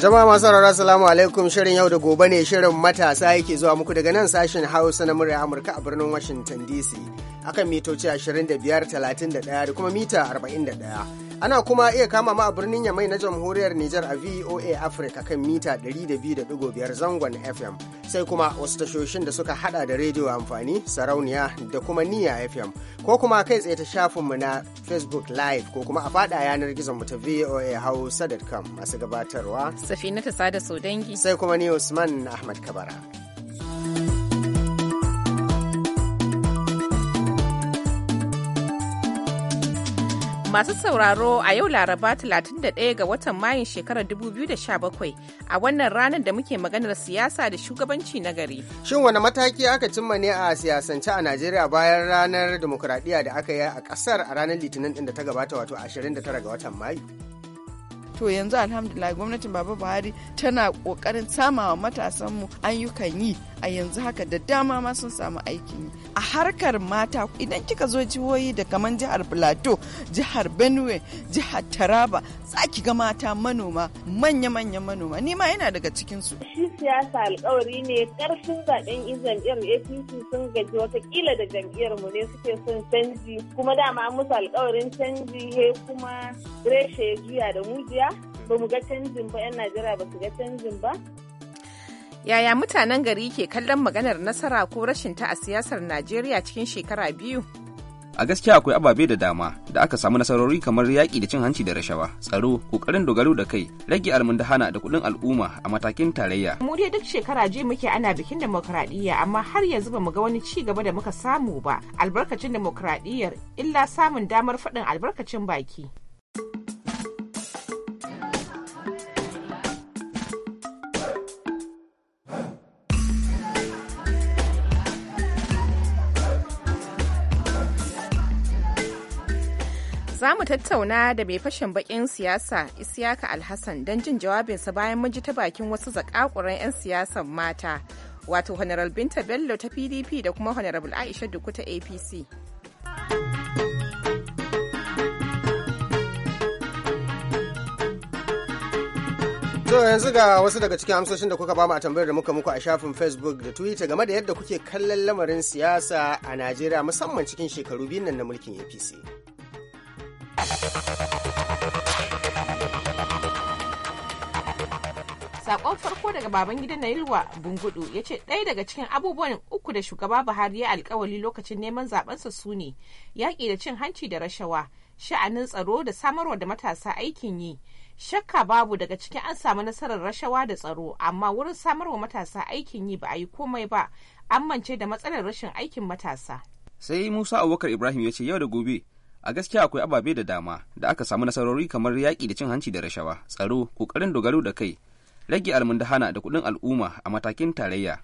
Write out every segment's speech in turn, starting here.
Jama'a masu saurara salamu alaikum shirin yau da gobe ne shirin matasa yake zuwa muku daga nan sashen Hausa na murya Amurka a birnin Washington DC akan mitoci 25, 31 da kuma mita 41. Ana kuma iya kama ma a birnin Yamai na jamhuriyar Nijar a VOA Africa kan mita 200.5 zangon FM sai kuma wasu tashoshin da suka hada da rediyo amfani sarauniya da kuma niya FM ko kuma kai tsaye ta shafinmu na Facebook Live ko kuma a fada yanar gizon mu ta VOA Hausa.com masu gabatarwa. Safina ta sada Sodangi. Sai kuma ni Usman Ahmad Kabara. Masu sauraro a yau Laraba 31 ga watan Mayun shekarar 2017 a wannan ranar da muke maganar siyasa da shugabanci na gari. Shin wani mataki aka cimma ne a siyasance a Najeriya bayan ranar demokuraɗiyya da aka yi a ƙasar a ranar Litinin ɗin da ta gabata wato 29 ga watan Mayu? to yanzu alhamdulillah gwamnatin baba buhari tana kokarin samawa matasanmu ayyukan yi a yanzu haka da dama ma sun samu aikin yi a harkar mata idan kika zo jihohi da kamar jihar plateau jihar benue jihar taraba za ki ga mata manoma manya-manya manoma ni ma yana daga cikin su shi siyasa alkawari ne karfin zaben jam'iyyar apc sun gaji wata watakila da jam'iyyar mu ne suke son canji kuma dama musu alkawarin canji he kuma reshe juya da mujiya ba mu ga canjin ba 'yan najeriya ba su ga canjin ba Yaya mutanen gari ke kallon maganar nasara ko rashin ta a siyasar Najeriya cikin shekara biyu? A gaskiya akwai ababe da dama da aka samu nasarori kamar yaƙi da cin hanci da rashawa, tsaro, ƙoƙarin dogaro da kai, rage almundahana da kuɗin al'umma a matakin tarayya. Mu dai duk shekara je muke ana bikin demokradiyya amma har yanzu ba mu ga wani ci gaba da muka samu ba albarkacin demokradiyyar illa samun damar faɗin albarkacin baki. Za mu tattauna da mai fashin bakin siyasa Isiyaka Alhassan don jin jawabinsa bayan mun ji ta bakin wasu zakakuran 'yan siyasan mata, wato Honorable Binta Bello ta PDP da kuma Honorable Aisha Duku ta APC. To yanzu ga wasu daga cikin amsoshin da kuka bamu a tambayar da muka muku a shafin Facebook da Twitter game da yadda kuke kallon lamarin siyasa a Najeriya musamman cikin shekaru biyun nan na mulkin APC. sakon farko daga baban gidan na yilwa bungudu ya ce ɗaya daga cikin abubuwan uku da shugaba buhari ya alkawali lokacin neman zabensa su ne yaƙi da cin hanci da rashawa sha'anin tsaro da samarwa da matasa aikin yi shakka babu daga cikin an samu nasarar rashawa da tsaro amma wurin samarwa matasa aikin yi ba a yi komai ba an mance da matsalar rashin aikin matasa sai musa abubakar ibrahim ya ce yau da gobe a gaskiya akwai ababe da dama da aka samu nasarori kamar yaƙi da cin hanci da rashawa tsaro ƙoƙarin dogaro da kai rage almundahana da kuɗin al'umma a matakin tarayya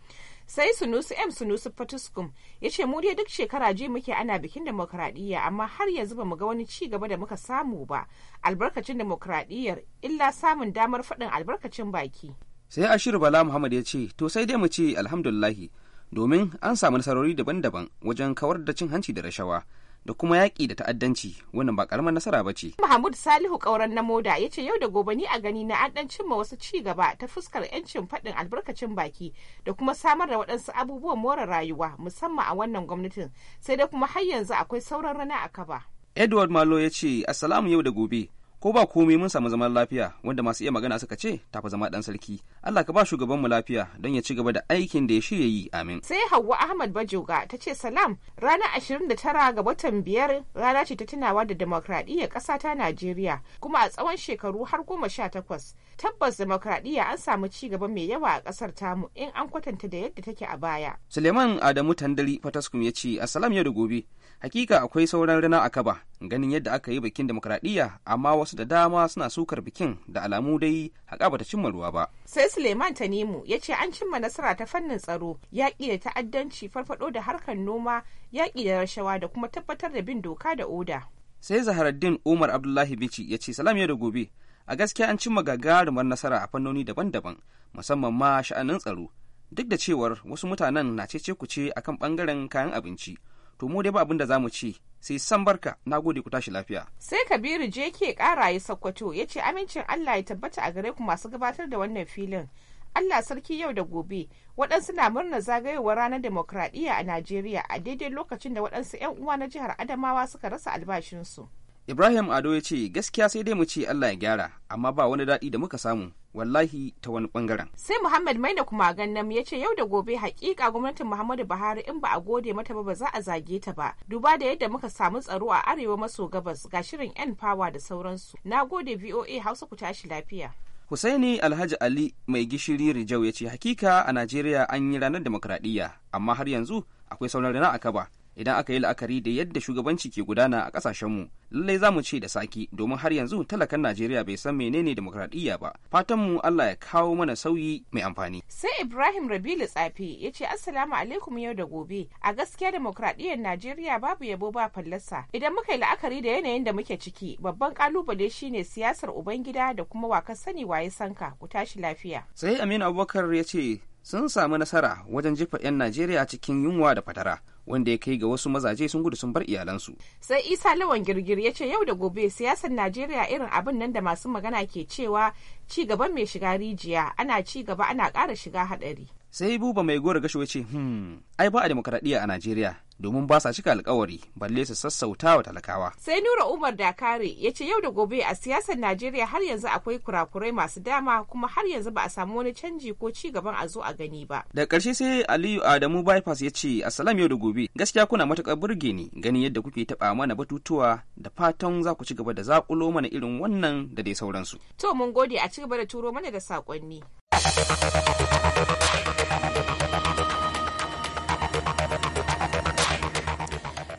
sai sunusu m sunusu fatuskum ya ce mu dai duk shekara ji muke ana bikin demokradiyya amma har yanzu ba mu ga wani ci gaba da muka samu ba albarkacin demokradiyyar illa samun damar faɗin albarkacin baki sai ashiru bala muhammad ya ce to sai dai mu ce alhamdulillahi domin an samu nasarori daban-daban wajen kawar da cin hanci da rashawa da kuma yaƙi da ta'addanci wannan ba karamar nasara ba ce. Mahmud Salihu ƙauren na moda ya ce yau da gobe ni a gani na an ɗan cimma wasu ci gaba ta fuskar 'yancin faɗin albarkacin baki da kuma samar da waɗansu abubuwan more rayuwa musamman a wannan gwamnatin sai dai kuma har yanzu akwai sauran rana a kaba. Edward Malo ya ce assalamu yau da gobe ko ba komai mun samu zaman lafiya wanda masu iya magana suka ce ta tafi zama ɗan sarki Allah ka ba shugabanmu lafiya don ya ci gaba da aikin da ya shirya yi amin. Sai Hauwa Ahmad Bajoga ta ce salam ranar tara ga watan biyar rana ce ta tunawa da demokradiyyar ƙasa ta Najeriya kuma a tsawon shekaru har goma sha takwas. Tabbas demokradiyya an samu ci gaba mai yawa a ƙasar tamu in an kwatanta da yadda take a baya. Suleiman Adamu Tandari Fataskum ya ce a salam yau da gobe. Hakika akwai sauran rana a kaba ganin yadda aka yi bikin demokradiyya amma wasu da dama suna sukar bikin da alamu dai haƙa bata cimma ruwa ba. Sai Suleiman Tanimu ya ce an cimma nasara ta fannin tsaro, yaƙi da ta'addanci, farfaɗo da harkar noma, yaƙi da rashawa da kuma tabbatar da bin doka da oda. Sai Zaharaddin Umar Abdullahi Bici ya ce salam ya da gobe. A gaskiya an cimma gagarumar nasara a fannoni daban-daban, musamman ma sha'anin tsaro. Duk da cewar wasu mutanen na cece ce akan bangaren kayan abinci, to mu dai ba abin da za mu ce sai san barka na gode ku tashi lafiya. Sai Kabiru je ke kara ya Sokoto ya ce amincin Allah ya tabbata a gare ku masu gabatar da wannan filin. Allah sarki yau da gobe waɗansu na murnar zagayowar ranar demokradiyya a Najeriya a daidai lokacin da waɗansu 'yan uwa na jihar Adamawa suka rasa albashinsu. Ibrahim Ado ya ce gaskiya sai dai mu ce Allah ya gyara amma ba wani daɗi da muka samu wallahi ta wani bangaren. Sai Muhammad Maina kuma gannam ya ce yau da gobe hakika gwamnatin Muhammadu Buhari in ba a gode mata ba ba za a zage ta ba. Duba da yadda muka samu tsaro a arewa maso gabas ga shirin 'yan power da sauransu. Na gode VOA Hausa ku tashi lafiya. Husaini Alhaji Ali mai gishiri Rijau ya ce hakika a Najeriya an yi ranar demokradiyya amma har yanzu akwai sauran rana a kaba. idan aka yi la'akari da yadda shugabanci ke gudana a kasashenmu lallai za mu ce da saki domin har yanzu talakan najeriya bai san menene demokradiyya ba fatanmu allah ya kawo mana sauyi mai amfani sai ibrahim rabilu tsafi ya ce assalamu alaikum yau da gobe a gaskiya demokradiyyar najeriya babu yabo ba fallasa idan muka yi la'akari da yanayin da muke ciki babban kalubale shine siyasar ubangida da kuma waka sani waye sanka ku tashi lafiya sai aminu abubakar ya ce sun samu nasara wajen jifa 'yan najeriya cikin yunwa da fatara wanda ya kai ga wasu mazaje sun gudu sun bar iyalansu. Sai Isa Lawan Girgir ya ce yau da gobe siyasar Najeriya irin abin nan da masu magana ke cewa ci gaban mai shiga rijiya ana ci gaba ana ƙara shiga haɗari. Sai Buba mai gora gasho ya ce hmm ai ba a demokaradiyya a Najeriya domin ba sa cika alkawari balle su sassauta wa talakawa. Sai Nura Umar Dakare ya ce yau da gobe a siyasar Najeriya har yanzu akwai kurakurai masu dama kuma har yanzu ba a samu wani canji ko ci gaban a zo a gani ba. Da ƙarshe sai Aliyu Adamu Bypass ya ce asalam yau da gobe gaskiya kuna matuƙar burge ni ganin yadda kuke taɓa mana batutuwa da fatan za ku ci gaba da zaƙulo mana irin wannan da dai sauransu. To mun gode a ci gaba da turo mana da saƙonni.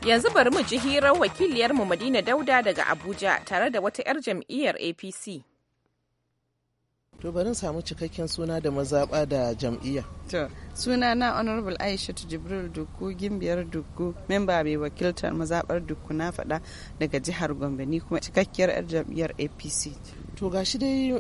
Yanzu bari mu ji hirar wakiliyarmu Madina Dauda daga Abuja tare da wata 'yar jam'iyyar APC. To bari samu cikakken suna da mazaɓa da jam'iyya. To suna na Honorable aisha Jibril duku Gimbiyar duku memba mai wakiltar mazabar duku na faɗa daga jihar Gombe ni kuma cikakkiyar 'yar jam'iyyar APC. To gashi dai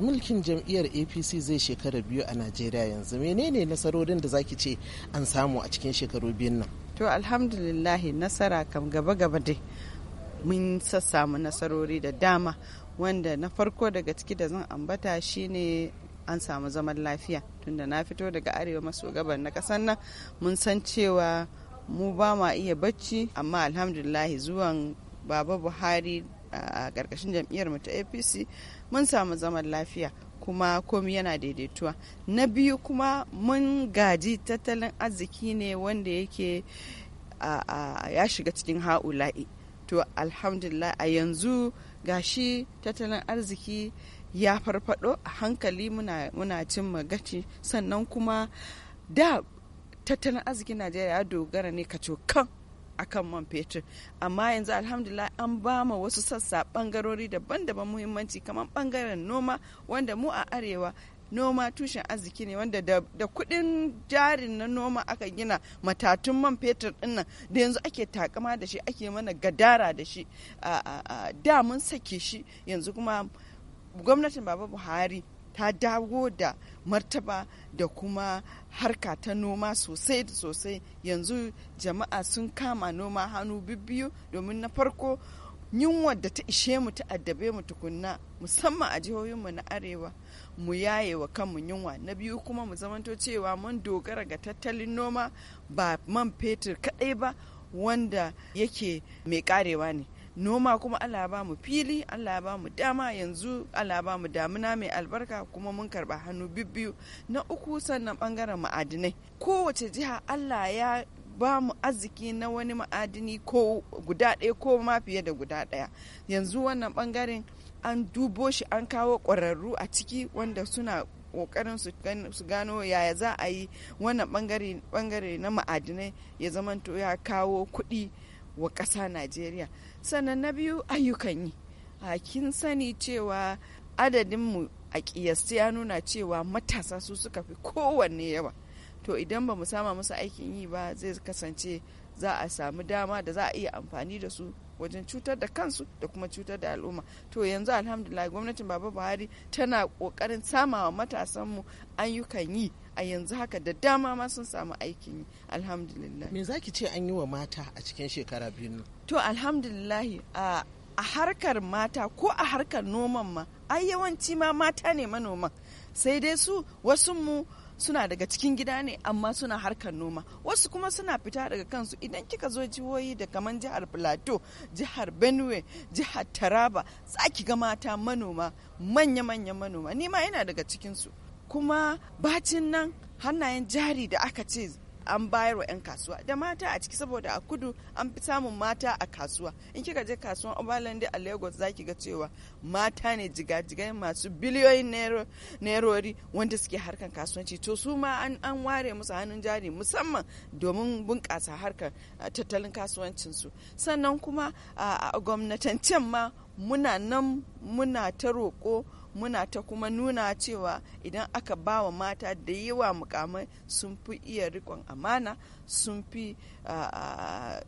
mulkin jam'iyyar apc zai shekara biyu a najeriya yanzu menene nasarorin da zaki ce an samu a cikin shekaru biyun nan to alhamdulillahi nasara kam gaba-gaba dai mun sassamu nasarori da dama wanda na farko daga ciki da zan ambata shine an samu zaman lafiya tunda na fito daga arewa maso gabar na kasan nan mun san cewa mu ba ma iya bacci amma alhamdulillahi zuwan baba buhari a ƙarƙashin jam'iyyar mu ta apc mun samu zaman lafiya kuma komi yana daidaituwa na biyu kuma mun gaji tattalin arziki ne wanda yake ya shiga cikin ha'ula'i to alhamdulillah a yanzu gashi tattalin arziki ya farfado a hankali muna, cin magaci sannan kuma da tattalin arzikin najeriya ya dogara ne kacokan akan man fetur amma yanzu alhamdulillah an ba ma wasu sassa bangarori daban-daban muhimmanci kamar bangaren noma wanda mu a arewa noma tushen arziki ne wanda da, kuɗin kudin jarin na noma aka gina matatun man fetur dinnan da yanzu ake takama da shi ake mana gadara da shi da mun sake shi yanzu kuma gwamnatin baba buhari ta dawo da martaba da kuma harka ta noma sosai da sosai yanzu jama'a sun kama noma hannu bibbiyu domin na farko yunwa da ta ishe mu ta addabe mu tukunna musamman a jihohinmu na arewa mu yaye wa kanmu yunwa na biyu kuma mu zamanto cewa mun dogara ga tattalin noma ba man fetur kadai ba wanda yake mai karewa ne noma kuma Allah ba mu fili Allah ba mu dama yanzu Allah ba mu damuna mai albarka kuma mun karba hannu bibbiyu na uku sannan bangaren ma'adinai kowace jiha Allah ya ba mu arziki na wani ma'adini ko guda ɗaya ko ma fiye da guda ɗaya yanzu wannan bangaren an dubo shi an kawo ƙwararru a ciki wanda suna ƙoƙarin su gano yaya za a yi wannan bangare na ma'adinai ya zamanto ya kawo kuɗi wa ƙasa najeriya sannan na biyu ayyukan yi a kin sani cewa adadinmu a kiyasta ya nuna cewa matasa su suka fi kowanne yawa to idan ba mu sama musu aikin yi ba zai kasance za a samu dama da za a iya amfani da su wajen cutar da kansu da kuma cutar da al'umma to yanzu alhamdulillah gwamnatin baba buhari tana kokarin samawa matasanmu ayyukan yi a yanzu haka da dama ma sun samu aikin yi alhamdulillah me zaki ce an yi wa mata a cikin shekara biyu to alhamdulillah a harkar mata ko a harkar noman ma ai yawanci ma mata ne manoman sai dai su wasu mu suna daga cikin gida ne amma suna harkar noma wasu kuma suna fita daga kansu idan kika zo jihohi da kamar jihar plateau jihar benue jihar taraba tsaki ga mata manoma manya-manya manoma nima yana daga cikinsu kuma bacin nan hannayen jari da aka ce an bayar wa 'yan kasuwa da mata a ciki saboda a kudu an fi samun mata a kasuwa in kika je kasuwan obalande a lagos za ki ga cewa mata ne jigajigai masu biliyoyin nerori wanda suke harkar kasuwanci to su ma an ware musu hannun jari musamman domin bunƙasa harkar tattalin kasuwancinsu sannan kuma a gwamnatancen ma muna nan muna ta roƙo muna ta kuma nuna cewa idan aka ba wa mata da yawa mukamai sun fi iya rikon amana sun fi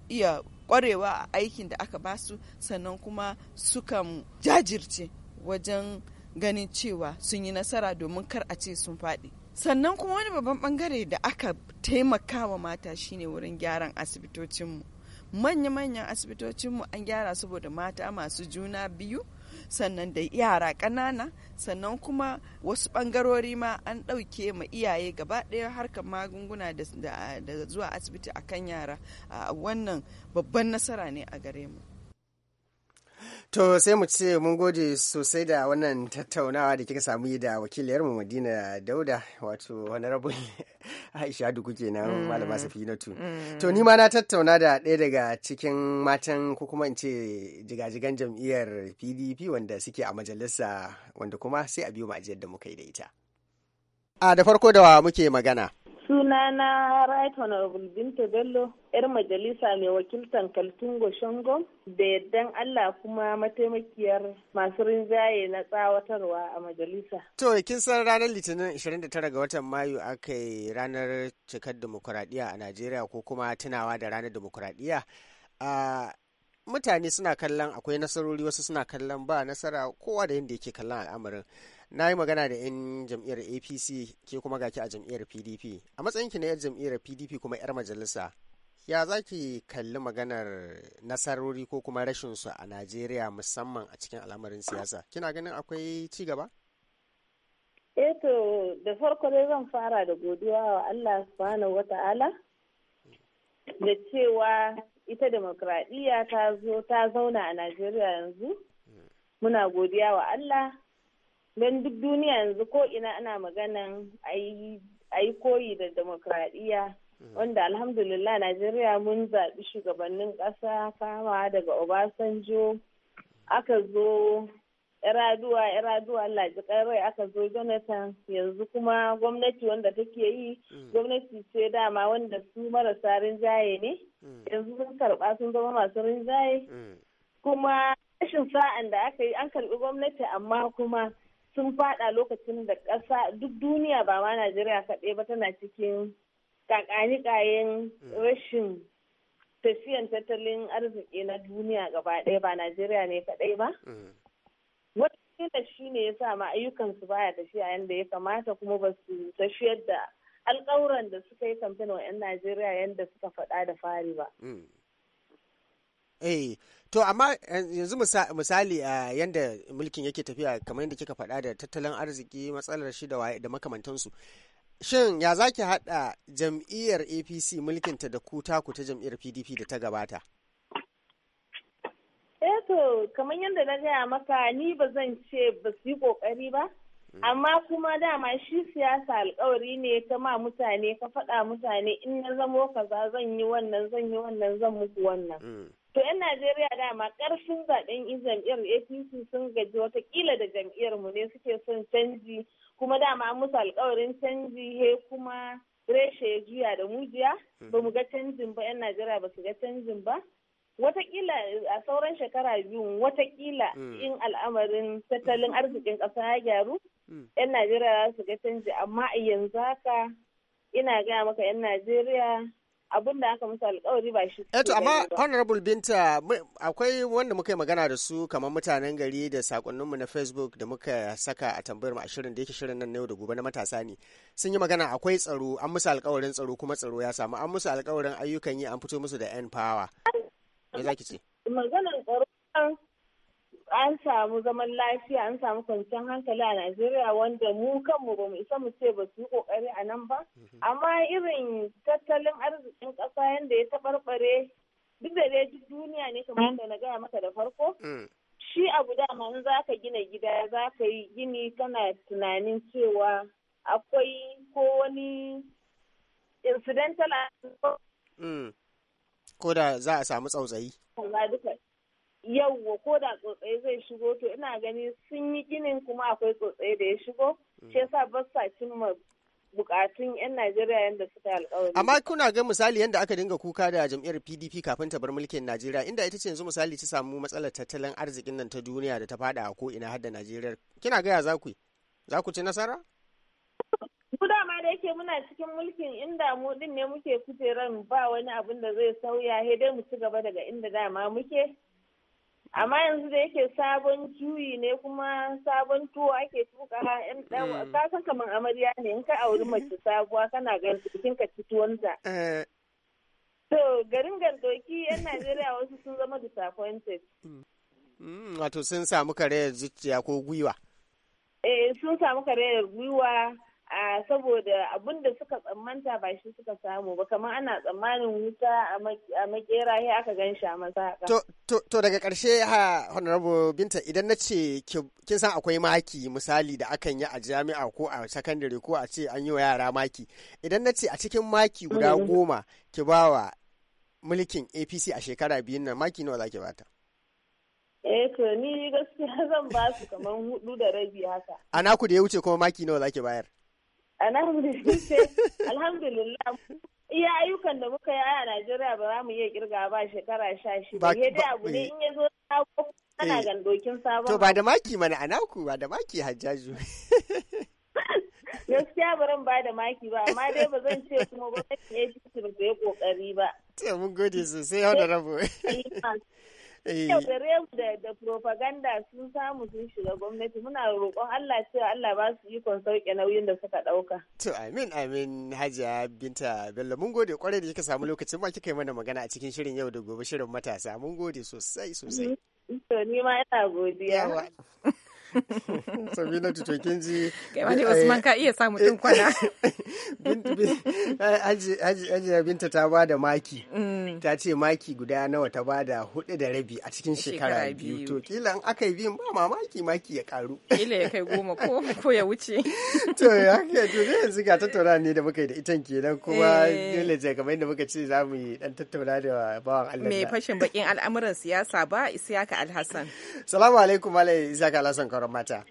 iya kwarewa a aikin da aka ba su, sannan kuma sukan jajirce wajen ganin cewa sun yi nasara domin kar a ce sun faɗi sannan kuma wani babban bangare da aka taimaka wa mata shine wurin gyaran asibitocinmu manya-manyan asibitocinmu an gyara saboda mata masu juna biyu sannan da yara ƙanana sannan kuma wasu ɓangarori ma an ɗauke ma iyaye gaba ɗaya harkar magunguna da zuwa asibiti a kan yara wannan babban nasara ne a gare mu To sai mu ce mun gode sosai da wannan tattaunawa da kika samu yi da wakiliyarmu Madina Dauda wato honorable Aisha Duku kenan mm. malama Safinatu. Mm. To ni ma na tattauna da ɗaya daga cikin matan ko kuma in ce jigajigan jam'iyyar PDP wanda suke a majalisa wanda kuma sai a biyo mu ajiyar da muka yi da ita. A da farko da muke magana. Sunana Right Honorable Binta Bello, 'yar majalisa mai wakiltan Kaltungo Shango, da yaddan Allah kuma mataimakiyar masu rinjaye na tsawatarwa a majalisa. To, kin san ranar Litinin 29 ga watan Mayu aka yi ranar cikar demokuraɗiyya a Najeriya ko kuma tunawa da ranar demokuraɗiyya. Mutane suna kallon akwai nasarori wasu suna kallon ba nasara kowa da yadda yake kallon al'amarin. na yi magana da 'yan jam'iyyar apc ke kuma gaki a jam'iyyar pdp a matsayin ki na 'yar jam'iyyar pdp kuma 'yar majalisa ya za ki kalli maganar nasarori ko kuma rashin su a najeriya musamman a cikin al'amarin siyasa kina ganin akwai ci gaba eto eh da farko dai zan fara da godiya wa allah subhanahu wata'ala da cewa ita demokradiyya ta zo ta zauna a najeriya yanzu mm. muna godiya wa allah don duk duniya yanzu ko ina ana maganan a yi koyi da demokradiyya mm. wanda alhamdulillah najeriya mun zaɓi shugabannin ƙasa kama daga obasanjo aka zo iraduwa iraduwa allah ji rai aka zo jonathan yanzu kuma gwamnati wanda take yi mm. gwamnati ce dama wanda su marasa rinjaye ne mm. yanzu sun karɓa sun zama masu rinjaye kuma rashin sa'an da aka yi an karɓi gwamnati amma kuma sun fada lokacin da ƙasa duk duniya ba ma najeriya kaɗai ba tana cikin kakanikayen rashin tafiyan tattalin arziki na duniya gaba ɗaya ba najeriya ne kaɗai ba mm. wata shi ne ya ma ayyukan ayyukansu baya tafiya yadda ya kamata kuma ba su tafiyar da alkawuran da suka yi kamfanin wa 'yan najeriya yadda suka faɗa da fari ba mm. eh to amma eh, yanzu misali a yanda mulkin yake tafiya kamar yadda kika faɗa da tattalin arziki matsalar shi da da makamantansu shin ya zaki haɗa jam'iyyar apc mulkinta da kuta ku ta jam'iyyar pdp da ta gabata eh to kamar yadda na gaya maka ni ba zan ce ba su yi kokari ba mm. amma kuma dama shi siyasa alkawari ne ta ma mutane ka faɗa mutane in na zamo kaza zan yi wannan zan yi wannan zan muku wannan mm. To 'yan Najeriya dama ƙarfin zaɓen jam'iyyar APC sun gaji watakila da jam'iyyar mu ne suke son canji kuma dama an musu alƙawarin canji he kuma reshe ya juya da mujiya ba mu ga canjin ba 'yan Najeriya ba su ga canjin ba. Watakila a sauran shekara biyu watakila mm. in al'amarin tattalin arzikin ƙasa ya gyaru 'yan mm. Najeriya za su ga canji amma yanzu haka ina gaya maka 'yan Najeriya abin da aka musu alkawari ba shi eto eh, amma honorable binta akwai wanda muka yi magana da su kamar mutanen gari da sakonninmu na facebook da muka saka a tambayar mu a shirin da yake shirin nan na yau da gobe na matasa ne sun yi magana akwai tsaro an musu alkawarin tsaro kuma tsaro ya samu an musu alkawarin ayyukan yi an fito musu da n power me zaki ce maganar tsaro an samu zaman lafiya an samu kwanciyar hankali a najeriya wanda mu kanmu ba mu isa mu ce ba su yi kokari a nan ba mhm. amma irin tattalin arzikin ƙasa yadda ya taɓarɓare duk da dai duniya ne kamar yadda na gaya maka da farko mm. shi abu dama in za ka gina gida za ka yi gini kana tunanin cewa akwai ko wani incidental mm. ko da za a samu tsautsayi yauwa ko da tsotsaye zai shigo to ina gani sun yi ginin kuma akwai tsotsaye da ya shigo mm. shi yasa ba sa cimma bukatun 'yan Najeriya yadda suka alkawari. Amma kuna ga misali yadda aka dinga kuka da jam'iyyar PDP kafin ta bar mulkin Najeriya inda ita ce yanzu misali ta samu matsalar tattalin arzikin nan ta duniya da ta fada a ko'ina hadda Najeriya. Kina gaya za ku yi? Za ku ci nasara? Ku dama da yake muna cikin mulkin inda mu din ne muke kujeran ba wani abun da zai sauya sai dai mu ci gaba daga inda dama muke. amma yanzu da yake sabon juyi ne kuma sabon tuwo ake tuka yan dan mm. ka san kaman amarya ne in ka auri mace sabuwa kana ga cikin ka ci tuwonta eh. to garin gandoki yan Najeriya wasu sun zama disappointed mm. Mm, wato sun samu karayar zuciya ko gwiwa eh sun samu karayar gwiwa a saboda abin da suka tsammanta ba shi suka samu ba kamar ana tsammanin wuta a makera ya aka gan sha masa to daga karshe ha honorable binta idan na ce kin san akwai maki misali da akan yi a jami'a ko a sakandare ko a ce an yi wa yara maki idan na ce a cikin maki guda mm. goma ki bawa mulkin apc a shekara biyun nan maki nawa zaki bata eh to ni gaskiya zan ba su kamar hudu da rabi haka a naku da ya wuce kuma maki nawa zaki bayar alhamdulillah iya ayyukan da muka yi a Najeriya ba za mu iya kirga ba shekara sha shida. Ke da abu ne eh. in ya zo sabo ana eh. gandokin sabon. To ba da maki mana a naku ba da maki hajjaju. Gaskiya ba ran ba da maki ba amma dai ba zan ce kuma ba zan yi shi ba su yi kokari ba. Te mun gode sosai yau da rabo. Yau eh. da rewu da propaganda sun samu sun shiga gwamnati muna roƙon Allah cewa Allah ba su ikon sauke nauyin da suka ɗauka. To amin amin Hajiya Binta Bello mun gode kwarai da kika samu lokacin ma kika yi mana magana a cikin shirin yau da gobe shirin matasa mun gode sosai sosai. To ni ma ina godiya. sabila to kin ji kai wasu eh, Usman ka iya sa mutum kwana haji binta ta ba da maki mm. ta ce maki guda nawa ta ba da hudu da rabi a cikin shekara biyu to kila in aka yi biyun ba mamaki maki ya karu kila ya kai goma ko ya wuce to ya ke to ne yanzu ga tattauna ne da muka yi da itan kenan kuma eh. dole je kamar yadda muka ce za mu yi dan tattauna da bawan Allah mai fashin bakin al'amuran siyasa ba Isiyaka Alhassan salamu alaikum malai Isiyaka Alhassan sauran mata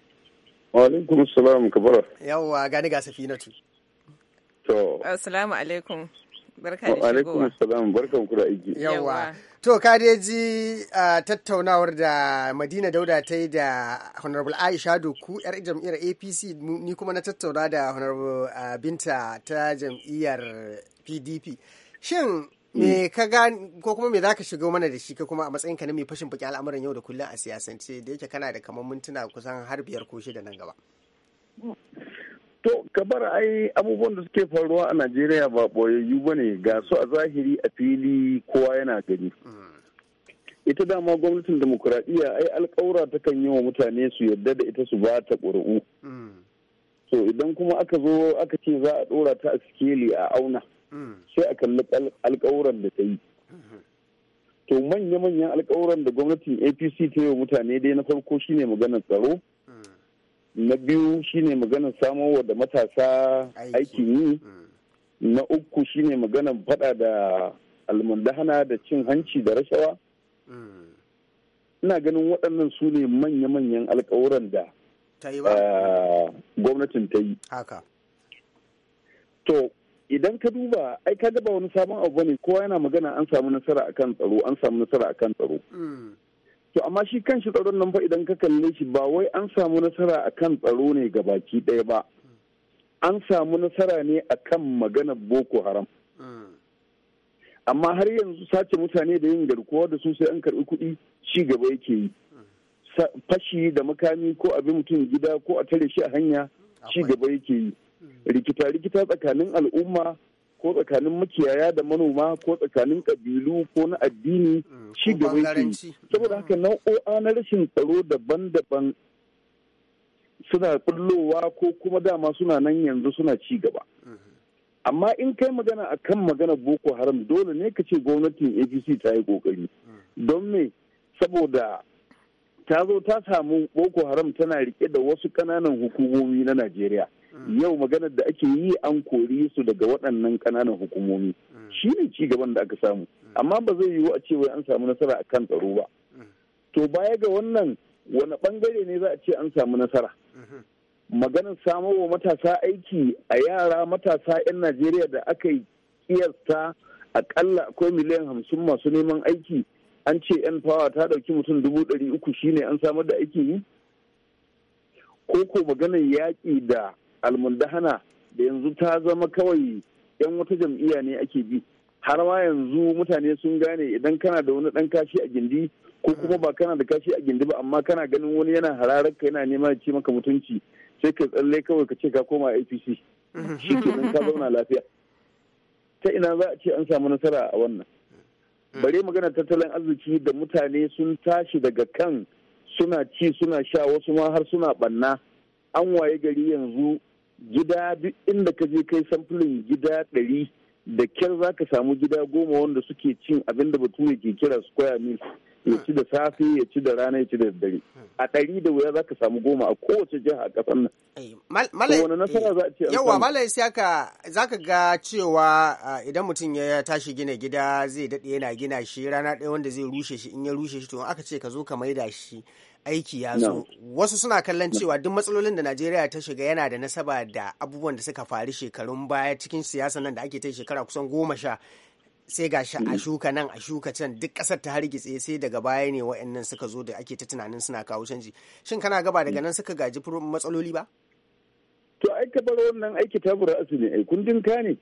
alaikum salam kabara yawwa gani ga safinatu to assalamu alaikum barka da shigowa alaikum salam barkan ku da aiki yawwa to ka dai ji tattaunawar da Madina Dauda ta yi da Honorable Aisha Doku yar jam'iyyar APC ni kuma na tattauna da Honorable Binta ta jam'iyyar PDP shin me mm. ka ga ko kuma me zaka shiga mana da shi ka kuma a matsayin ka na mai fashin baki al'amuran yau da kullum a siyasance da yake kana da kamar mintuna kusan har biyar ko shida nan gaba to ka bar ai abubuwan da suke faruwa a Najeriya ba ba bane ga su a zahiri a fili kowa yana gani mm. ita dama gwamnatin demokuraɗiyya ai alƙawura ta kan yi wa mutane su yadda da ita su ba ta ƙuri'u so mm. idan kuma aka zo aka ce za a ɗora ta a sikeli a auna sai a kalli alkawuran da ta yi to manya-manyan alkawuran da gwamnatin apc ta yi wa mutane dai na farko shine maganar tsaro na biyu shine maganar samarwa da matasa aikin yi na uku shine maganar fada da almundahana da cin hanci da rashawa ina ganin waɗannan su ne manya-manyan alkawuran da ah, gwamnatin ta yi to idan ka duba ai ka ba wani sabon abu ne kowa yana magana an samu nasara akan tsaro an samu nasara akan tsaro hmm. to amma shi kan shi tsaron nan fa idan ka kalle shi ba wai an samu nasara akan tsaro ne ga baki ɗaya ba an samu nasara ne akan magana boko haram hmm. amma har yanzu sace mutane da yin garkuwa da su sai an karbi kuɗi ci gaba yake yi fashi da makami ko abin mutum gida ko a tare shi a hanya ci gaba yake yi rikita-rikita tsakanin al'umma ko tsakanin makiyaya da manoma ko tsakanin ƙabilu ko na addini ci gaba yake saboda haka nau'o'a na rashin tsaro daban-daban suna bullowa ko kuma dama suna nan yanzu suna ci gaba mm-hmm. amma in kai magana a kan magana boko haram dole ne ka ce gwamnatin apc ta yi kokari mm. don me saboda ta zo ta samu boko haram tana rike da wasu ƙananan hukumomi na najeriya Mm. yau maganar da ake yi an kori su daga waɗannan ƙananan hukumomi mm. shi ne ci gaban da aka samu mm. amma ba zai yiwu a ce wai an samu nasara a kan tsaro ba to baya ga wannan wani ɓangare ne za a ce an samu nasara mm-hmm. maganar samo matasa aiki a yara matasa 'yan najeriya da aka yi kiyasta akalla akwai miliyan hamsin masu neman aiki an ce 'yan fawa ta ɗauki mutum dubu ɗari uku shine an samar da aiki yi ko ko maganar yaƙi da almundahana da yanzu ta zama kawai yan wata jam'iyya ne ake bi har ma yanzu mutane sun gane idan kana da wani dan kashi a gindi ko kuma ba kana da kashi a gindi ba amma kana ganin wani yana hararar ka yana neman ce maka mutunci sai ka tsalle kawai ka ce ka koma APC shi kenan ka zauna lafiya ta ina za a ce an samu nasara a wannan bare magana tattalin arziki da mutane sun tashi daga kan suna ci suna sha wasu ma har suna banna an waye gari yanzu gida duk inda ka je kai samfulin gida ɗari da kyar za ka samu gida goma wanda suke cin abin da ke kira square meal ya ci da safe ya ci da rana ya ci da dare a ɗari da wuya za ka samu goma a kowace jiha a ƙasar nan a yawa malai sai ka za ka ga cewa idan mutum ya tashi gina gida zai daɗe yana gina shi rana ɗaya wanda zai rushe shi in ya rushe shi to aka ce ka zo ka maida shi aiki ya zo wasu suna kallon cewa duk matsalolin da najeriya ta shiga yana da nasaba da abubuwan da suka faru shekarun baya cikin siyasa nan da ake ta shekara kusan goma sha sai ga a mm. shuka nan a shuka can duk ƙasar ta hargitse sai daga baya ne wa'annan suka zo da ake ta tunanin suna kawo canji shin kana gaba daga mm. nan suka gaji matsaloli ba to ai ka bar wannan aiki ta bura asali kundin ka ne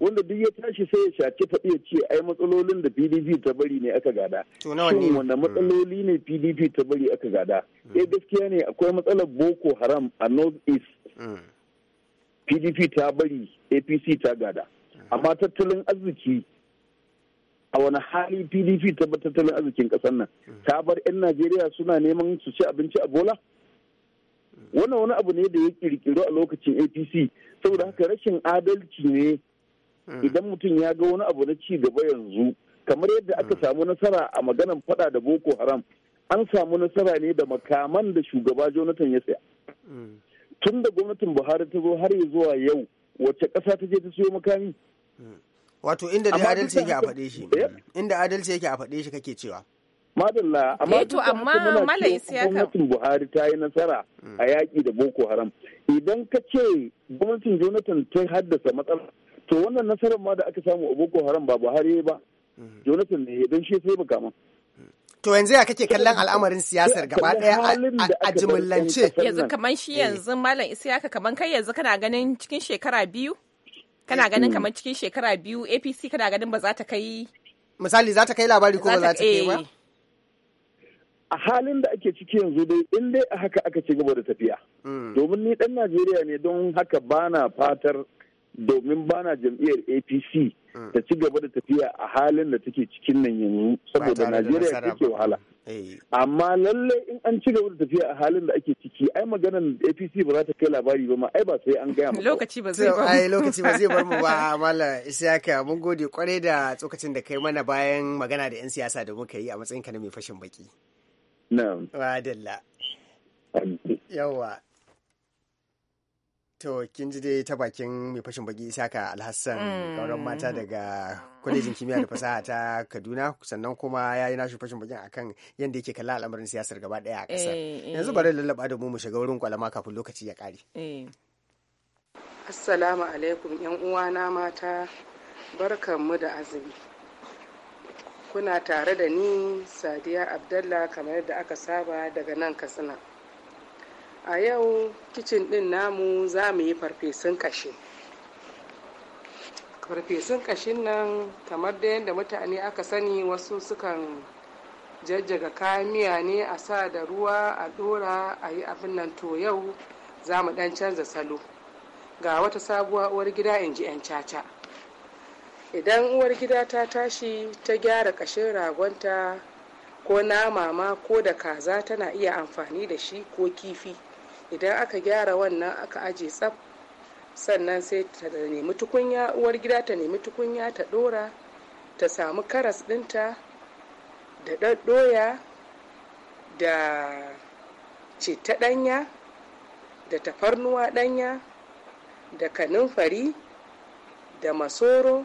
wanda duk ya tashi sai ya shaci faɗi ya ce ai matsalolin da pdp ta bari ne aka gada shin wanda matsaloli ne pdp ta bari aka gada ya mm. eh, gaskiya ne akwai matsalar boko haram a north east pdp mm. ta bari apc ta gada mm-hmm. amma tattalin arziki a wani hali pdp ta bar tattalin arzikin ƙasar nan mm. ta bar 'yan najeriya suna neman su ci abinci a bola wannan wani abu ne da ya kirkiro a lokacin apc saboda haka rashin adalci ne Mm. idan mutum ya ga wani abu na ci gaba yanzu kamar yadda aka mm. samu nasara a maganan fada da boko haram an samu nasara ne da makaman da shugaba jonathan ya saya mm. tun da gwamnatin buhari ta zo har ya zuwa yau wacce ƙasa ta je ta siyo makami wato inda dai adalci yake a faɗe shi eh? inda adalci yake a faɗe shi kake cewa madalla amma eh, to amma siyaka gwamnatin buhari ta yi nasara a yaƙi da boko haram idan ka ce gwamnatin jonathan ta haddasa matsala to wannan nasarar ma da aka samu a boko haram ba buhari ba mhm. jonathan ne don shi sai makama to yanzu ya kake kallon al'amarin siyasar gaba daya a jimillance yanzu kamar shi yanzu eh. malam isiyaka kamar kai yanzu kana ganin cikin shekara biyu kana eh. ganin kamar cikin shekara biyu apc kana ganin ba za ta kai misali za ta kai labari ko ba za ta kai ba eh. a halin da ake ciki yanzu dai in dai a haka aka ci gaba da tafiya hmm. domin ni dan najeriya ne don haka bana fatar domin bana jam'iyyar apc hmm. ta ci gaba da tafiya a halin da take cikin nan yanzu saboda najeriya take wahala eh. amma lalle in an ci gaba da tafiya a halin da ake ciki ai maganar apc ba za ta kai labari ba ma ai ba sai an gaya maka lokaci ba zai bar mu ba mala isiyaka mun gode kwarai da tsokacin da kai mana bayan magana da yan siyasa da muka yi a matsayin ka na mai fashin baki na'am wa dalla yawa To kin ji dai ta bakin mai fashin baki Isaka Alhassan kauran mata mm. daga kwalejin kimiyya da fasaha ta Kaduna sannan kuma ya yi nashi fashin bakin akan yadda yake kalla al'amarin siyasar gaba daya a ƙasar. Eh, Yanzu eh. bari lallaba da mu mu shiga wurin kwalama kafin lokaci ya kare. Eh. Assalamu alaikum yan uwana mata barkan mu da azumi. Kuna tare da ni Sadiya Abdallah kamar yadda aka saba daga nan Katsina. a yau kicin din namu za mu yi farfesun kashe farfesun kashin nan kamar da yadda mutane aka sani wasu sukan jajjaga kayan miya ne a sa da ruwa a dora a yi abin nan to yau za mu dan canza salo ga wata sabuwa uwar gida in ji 'yan caca idan uwar gida ta tashi ta gyara kashin ragonta ko nama ma ko da kaza tana iya amfani da shi ko kifi idan aka gyara wannan aka aje tsaf sannan sai ta nemi tukunya uwar gida ta nemi tukunya ta dora ta samu karas dinta, da ɗoya, da citta ɗanya da tafarnuwa ɗanya da kanunfari da masoro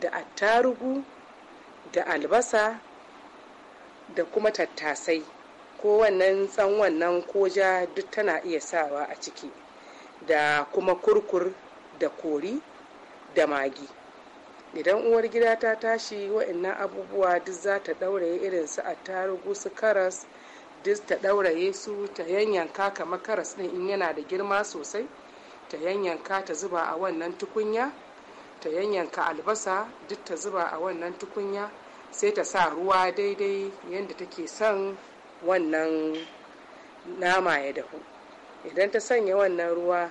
da attarugu da albasa da kuma tattasai ko wannan tsan wannan koja duk tana iya sawa a ciki da kuma kurkur da kori da magi idan uwar gida ta tashi wa'annan abubuwa duk za ta ɗauraye irin su attarugu su karas duk ta ɗauraye su ta yanyanka kamar karas ɗin in yana da girma sosai ta yanyanka ta zuba a wannan tukunya ta yanyanka albasa duk ta zuba a wannan tukunya sai ta sa ruwa daidai yadda take son wannan nama ya dahu idan ta sanya wannan ruwa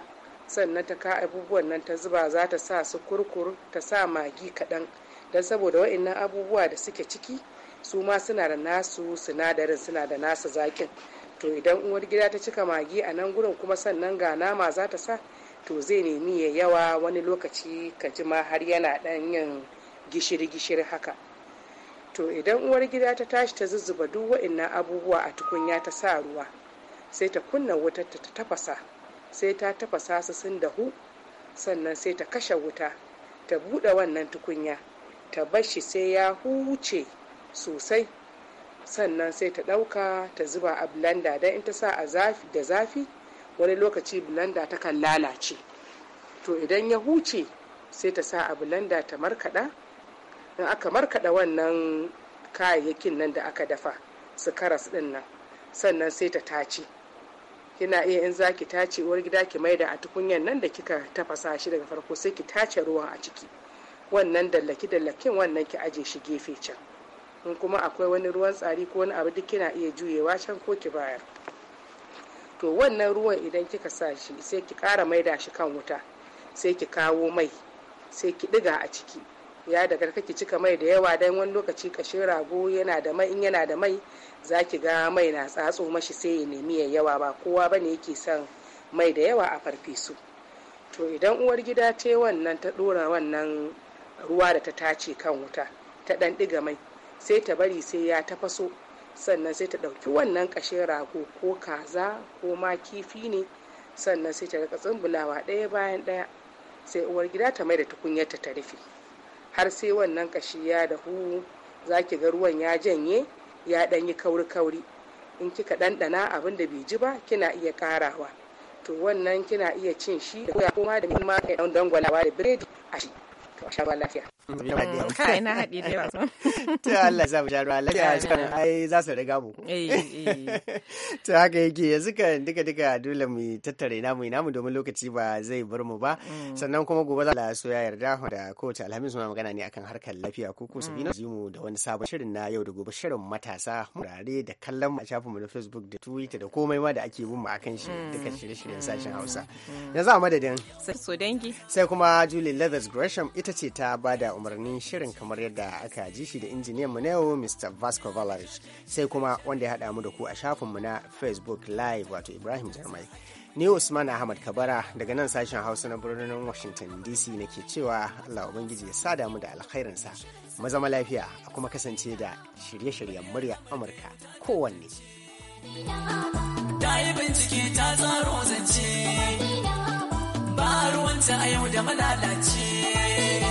sannan ta ka abubuwan nan ta zuba za ta sa su kurkur ta sa magi kaɗan don saboda waɗannan abubuwa da suke ciki su ma suna da nasu sinadarin suna da nasu zakin to idan uwar gida ta cika magi a nan gurin kuma sannan ga nama za ta sa to zai nemi ya yawa wani lokaci ka ji ma har yana ɗan yin gishiri-gishiri haka to idan uwar gida ta tashi ta zuzzuba duk wa'innan abubuwa a tukunya ta sa ruwa sai ta kunna wutar ta tafasa sai ta tafasa su sun dahu sannan sai ta kashe wuta ta buɗe wannan tukunya ta shi sai ya huce sosai sannan sai ta ɗauka ta zuba a blanda don in ta sa a zafi da zafi wani lokaci blanda ta kan lalace to idan ya huce sai ta sa a blanda ta markaɗa in aka markaɗa wannan kayayyakin nan da aka dafa su karas ɗin nan sannan sai ta tace kina iya in za ki tace uwar gida ki maida a tukunyan nan da kika tafasa shi daga farko sai ki tace ruwan a ciki wannan dallaki dallakin wannan ki aje shi gefe can in kuma akwai wani ruwan tsari ko wani abu duk kina iya juyewa can ko ki bayar to wannan ruwan idan kika sa shi sai ki ƙara maida shi kan wuta sai ki kawo mai sai ki ɗiga a ciki ya daga kake cika mai da yawa dan wani lokaci kashin rago yana da mai in yana da mai zaki ga mai na tsatso mashi sai ya nemi ya yawa ba kowa bane yake son mai da yawa a farfesu to idan uwar gida ta wannan ta dora wannan ruwa da ta tace kan wuta ta dan diga mai sai ta bari sai ya tafaso sannan sai ta ɗauki wannan kashin rago ko kaza ko ma kifi ne sannan sai ta rika tsumbulawa ɗaya bayan ɗaya sai uwar gida ta mai da tukunyarta ta rufe har sai wannan kashi ya dahu za ki ga ruwan ya janye ya ɗan yi kauri-kauri in kika ɗanɗana abin da bai ji ba kina iya karawa to wannan kina iya cin shi da kuma da ma dangwalawa da biredi a shi to a sha lafiya Kai na haɗi da yawa. Ta Allah za mu sha ruwa lafiya ai za su riga mu. Eh, eh. Ta haka yake yanzu kan duka duka dole mu tattare namu namu domin lokaci ba zai bar mu ba. Mm. Sannan kuma gobe za so ya yarda da kowace alhamis muna magana ne akan harkar lafiya ko ko sabina mm. ji mu da wani sabon shirin na yau da gobe shirin matasa murare da kallon a shafinmu na Facebook da Twitter da komai ma da ake bin mu akan shi mm. duka shirye-shiryen sashen Hausa. Yanzu a madadin. Sai kuma Julie Leathers Gresham ita ce ta bada umarnin shirin kamar yadda aka ji shi da injiniyan mu na yau Mr. Vasco Valarich sai kuma wanda ya haɗa mu da ku a shafin mu na Facebook Live wato Ibrahim Jarmai. Ni Usman Ahmad Kabara daga nan sashen Hausa na birnin Washington DC nake cewa Allah Ubangiji ya sada mu da alkhairinsa mazama lafiya a kuma kasance da shirye-shiryen murya Amurka kowanne. Da yi bincike ta tsaro zance, ba ruwanta a yau da malalace.